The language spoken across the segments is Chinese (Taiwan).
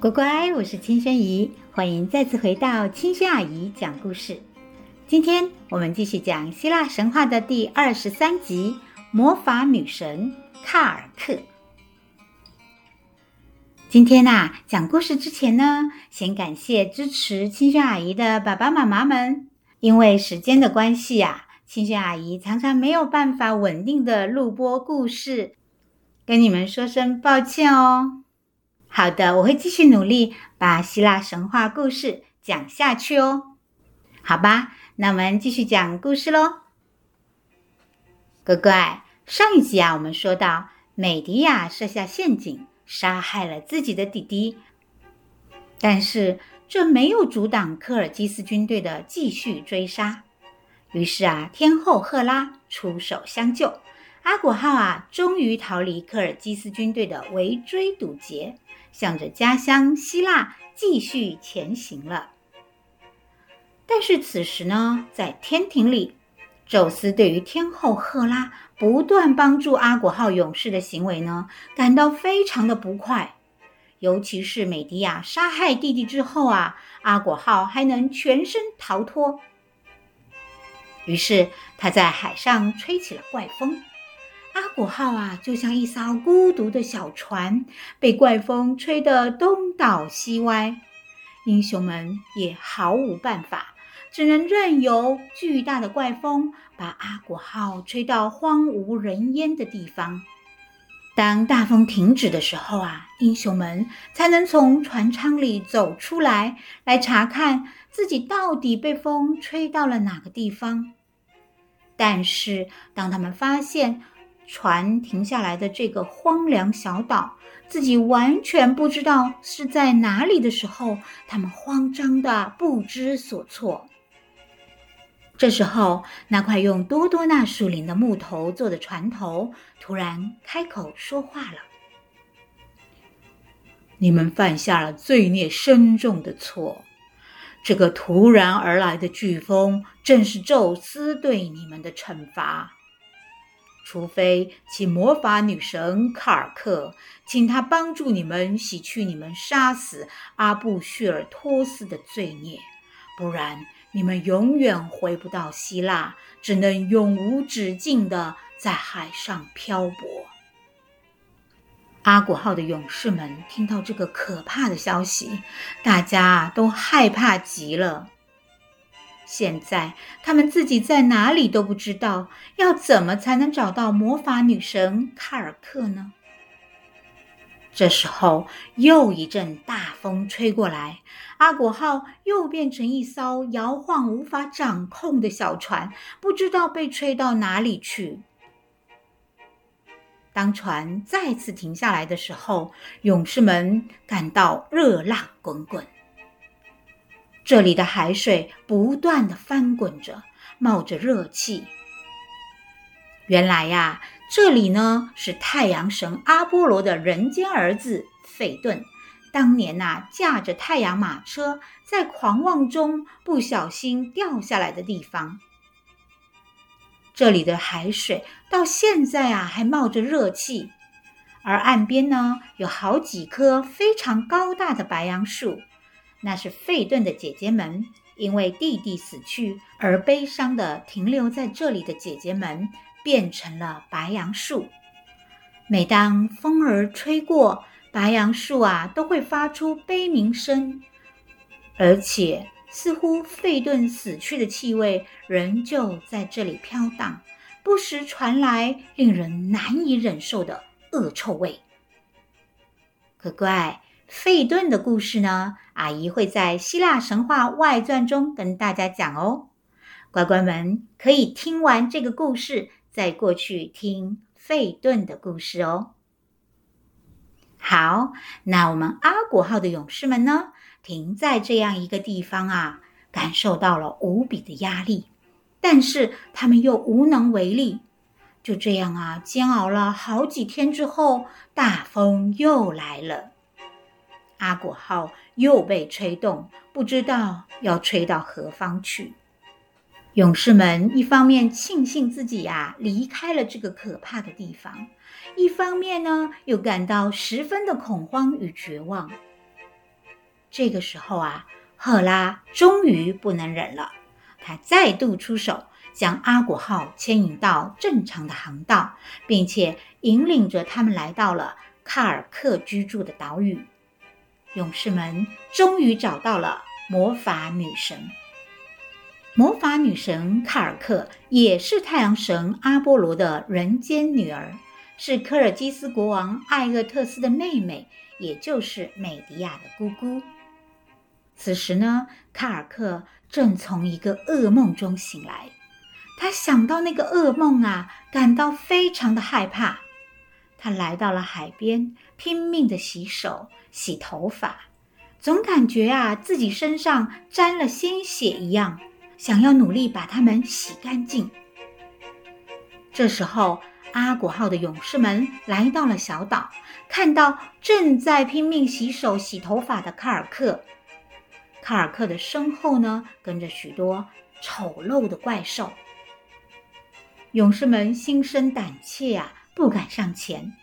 乖乖，我是青萱姨，歡迎再次回到青萱阿姨講故事。今天我們繼續講希臘神話的第二十三集《魔法女神喀耳刻》。今天啊，講故事之前呢，先感謝支持青萱阿姨的爸爸媽媽們，因為時間的關係啊，青萱阿姨常常沒有辦法穩定的錄播故事，跟你們說聲抱歉哦。好的，我會繼續努力把希臘神話故事講下去哦。好吧，那我們繼續講故事嘍，乖乖。上一集啊，我們說到美狄亞設下陷阱，殺害了自己的弟弟，但是這沒有阻擋科爾基斯軍隊的繼續追殺。於是啊，天後赫拉出手相救，阿果號啊，終於逃離科爾基斯軍隊的圍追堵截。向着家鄉希臘繼續前行了。但是此時呢，在天庭裡，宙斯對於天後赫拉不斷幫助阿果號勇士的行為呢，感到非常的不快。尤其是美狄亞殺害弟弟之後啊，阿果號還能全身逃脫。於是他在海上吹起了怪風。阿果號啊，就像一艘孤獨的小船，被怪風吹得東倒西歪。英雄們也毫無辦法，只能任由巨大的怪風把阿果號吹到荒無人煙的地方。當大風停止的時候啊，英雄們才能從船艙裡走出來，來查看自己到底被風吹到了哪個地方。但是，當他們發現，船停下來的這個荒涼小島，自己完全不知道是在哪裡的時候，他們慌張的不知所措。這時候，那塊用多多納樹林的木頭做的船頭突然開口說話了：“你們犯下了罪孽深重的錯，這個突然而來的颶風正是宙斯對你們的懲罰。”除非請魔法女神喀耳刻，請她幫助你們洗去你們殺死阿布敘爾托斯的罪孽，不然你們永遠回不到希臘，只能永無止境地在海上漂泊。阿古號的勇士們聽到這個可怕的消息，大家都害怕極了。現在他們自己在哪裡都不知道，要怎麼才能找到魔法女神喀耳刻呢？這時候又一陣大風吹過來，阿果號又變成一艘搖晃無法掌控的小船，不知道被吹到哪裡去。當船再次停下來的時候，勇士們感到熱浪滾滾。這裡的海水不斷地翻滾着，冒着熱氣。原來呀、啊，這裡呢是太陽神阿波羅的人間兒子斐頓當年吶、啊、駕着太陽馬車在狂妄中不小心掉下來的地方。這裡的海水到現在啊還冒着熱氣，而岸邊呢有好幾棵非常高大的白楊樹。那是費頓的姐姐們，因為弟弟死去而悲傷地停留在這裡的姐姐們，變成了白楊樹。每當風兒吹過，白楊樹啊，都會發出悲鳴聲，而且似乎費頓死去的氣味仍舊在這裡飄蕩，不時傳來令人難以忍受的惡臭味。可怪！費頓的故事呢？阿姨會在《希臘神話外傳》中跟大家講哦。乖乖們可以聽完這個故事，再過去聽費頓的故事哦。好，那我們阿果號的勇士們呢？停在這樣一個地方啊，感受到了無比的壓力，但是他們又無能為力。就這樣啊，煎熬了好幾天之後，大風又來了。阿果號又被吹動，不知道要吹到何方去。勇士們一方面慶幸自己呀、啊、離開了這個可怕的地方，一方面呢又感到十分的恐慌與絕望。這個時候啊，赫拉終於不能忍了，她再度出手，將阿果號牽引到正常的航道，並且引領着他們來到了喀耳刻居住的島嶼。勇士們終於找到了魔法女神。魔法女神喀耳刻也是太陽神阿波羅的人間女兒，是科爾基斯國王艾厄特斯的妹妹，也就是美狄亞的姑姑。此時呢，喀耳刻正從一個噩夢中醒來，他想到那個噩夢啊，感到非常的害怕。他來到了海邊，拼命地洗手、洗頭髮，總感覺啊自己身上沾了鮮血一樣，想要努力把它們洗乾淨。這時候，阿果號的勇士們來到了小島，看到正在拼命洗手、洗頭髮的喀耳刻，喀耳刻的身後呢跟着許多醜陋的怪獸，勇士們心生膽怯呀、啊。不敢上前。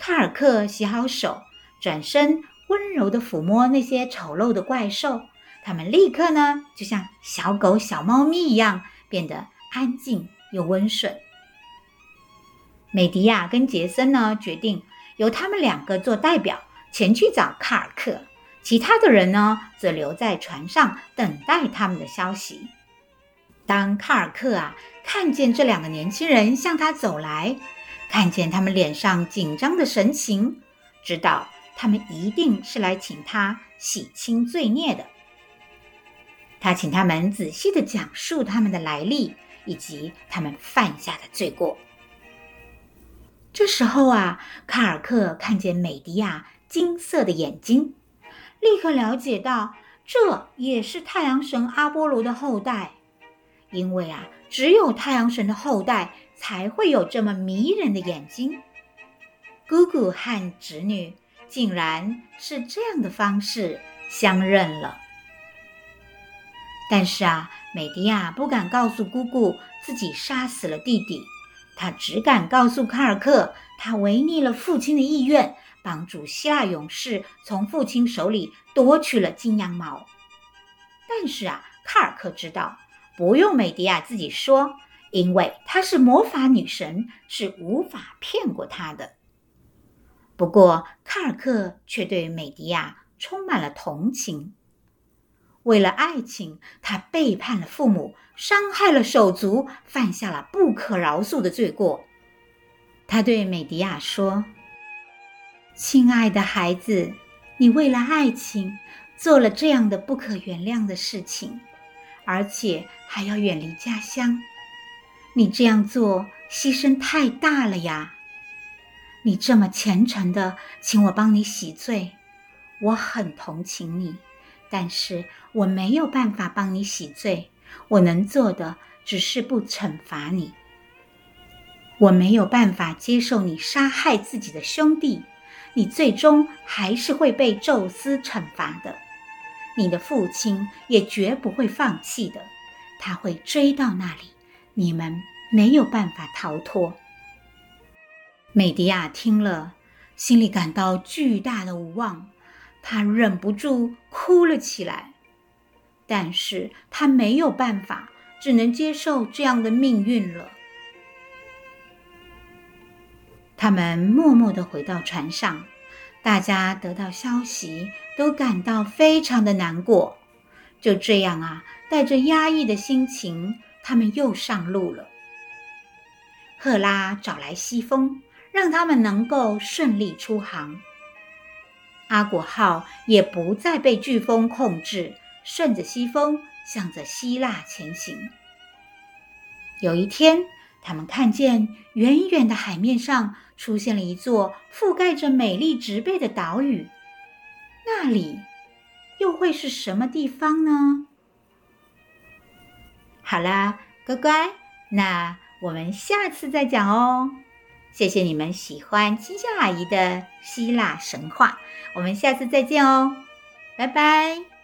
喀耳刻洗好手，轉身溫柔的撫摸那些醜陋的怪獸，他們立刻呢，就像小狗、小貓咪一樣，變得安靜又溫順。美迪亞跟傑森呢，決定由他們兩個做代表，前去找喀耳刻，其他的人呢，則留在船上等待他們的消息。當喀耳刻啊看見這兩個年輕人向他走來，看見他們臉上緊張的神情，知道他們一定是來請他洗清罪孽的。他請他們仔細的講述他們的來歷，以及他們犯下的罪過。這時候啊，喀耳刻看見美迪亞金色的眼睛，立刻了解到這也是太陽神阿波羅的後代。因為啊，只有太陽神的後代才會有這麼迷人的眼睛。姑姑和侄女竟然是這樣的方式相認了。但是啊，美狄亞不敢告訴姑姑自己殺死了弟弟，她只敢告訴喀耳刻，她違逆了父親的意願，幫助希臘勇士從父親手裡奪取了金羊毛。但是啊，喀耳刻知道。不用美狄亞自己說，因為她是魔法女神，是無法騙過她的。不過，喀耳刻卻對美狄亞充滿了同情。為了愛情，他背叛了父母，傷害了手足，犯下了不可饒恕的罪過。他對美狄亞說：“親愛的孩子，你為了愛情做了這樣的不可原諒的事情。”而且還要遠離家鄉，你這樣做犧牲太大了呀！你這麼虔誠的請我幫你洗罪，我很同情你，但是我沒有辦法幫你洗罪。我能做的只是不懲罰你。我沒有辦法接受你殺害自己的兄弟，你最終還是會被宙斯懲罰的。你的父親也絕不會放棄的，他會追到那裡，你們沒有辦法逃脫。美迪亞聽了，心裡感到巨大的無望，她忍不住哭了起來。但是她沒有辦法，只能接受這樣的命運了。他們默默的回到船上，大家得到消息。都感到非常的難過，就這樣啊，帶着壓抑的心情，他們又上路了。赫拉找來西風，讓他們能夠順利出航。阿果號也不再被颶風控制，順着西風，向着希臘前行。有一天，他們看見遠遠的海面上出現了一座覆蓋着美麗植被的島嶼。那裡又會是什麼地方呢？好啦，乖乖，那我們下次再講哦。謝謝你們喜歡青萱阿姨的希臘神話，我們下次再見哦，拜拜。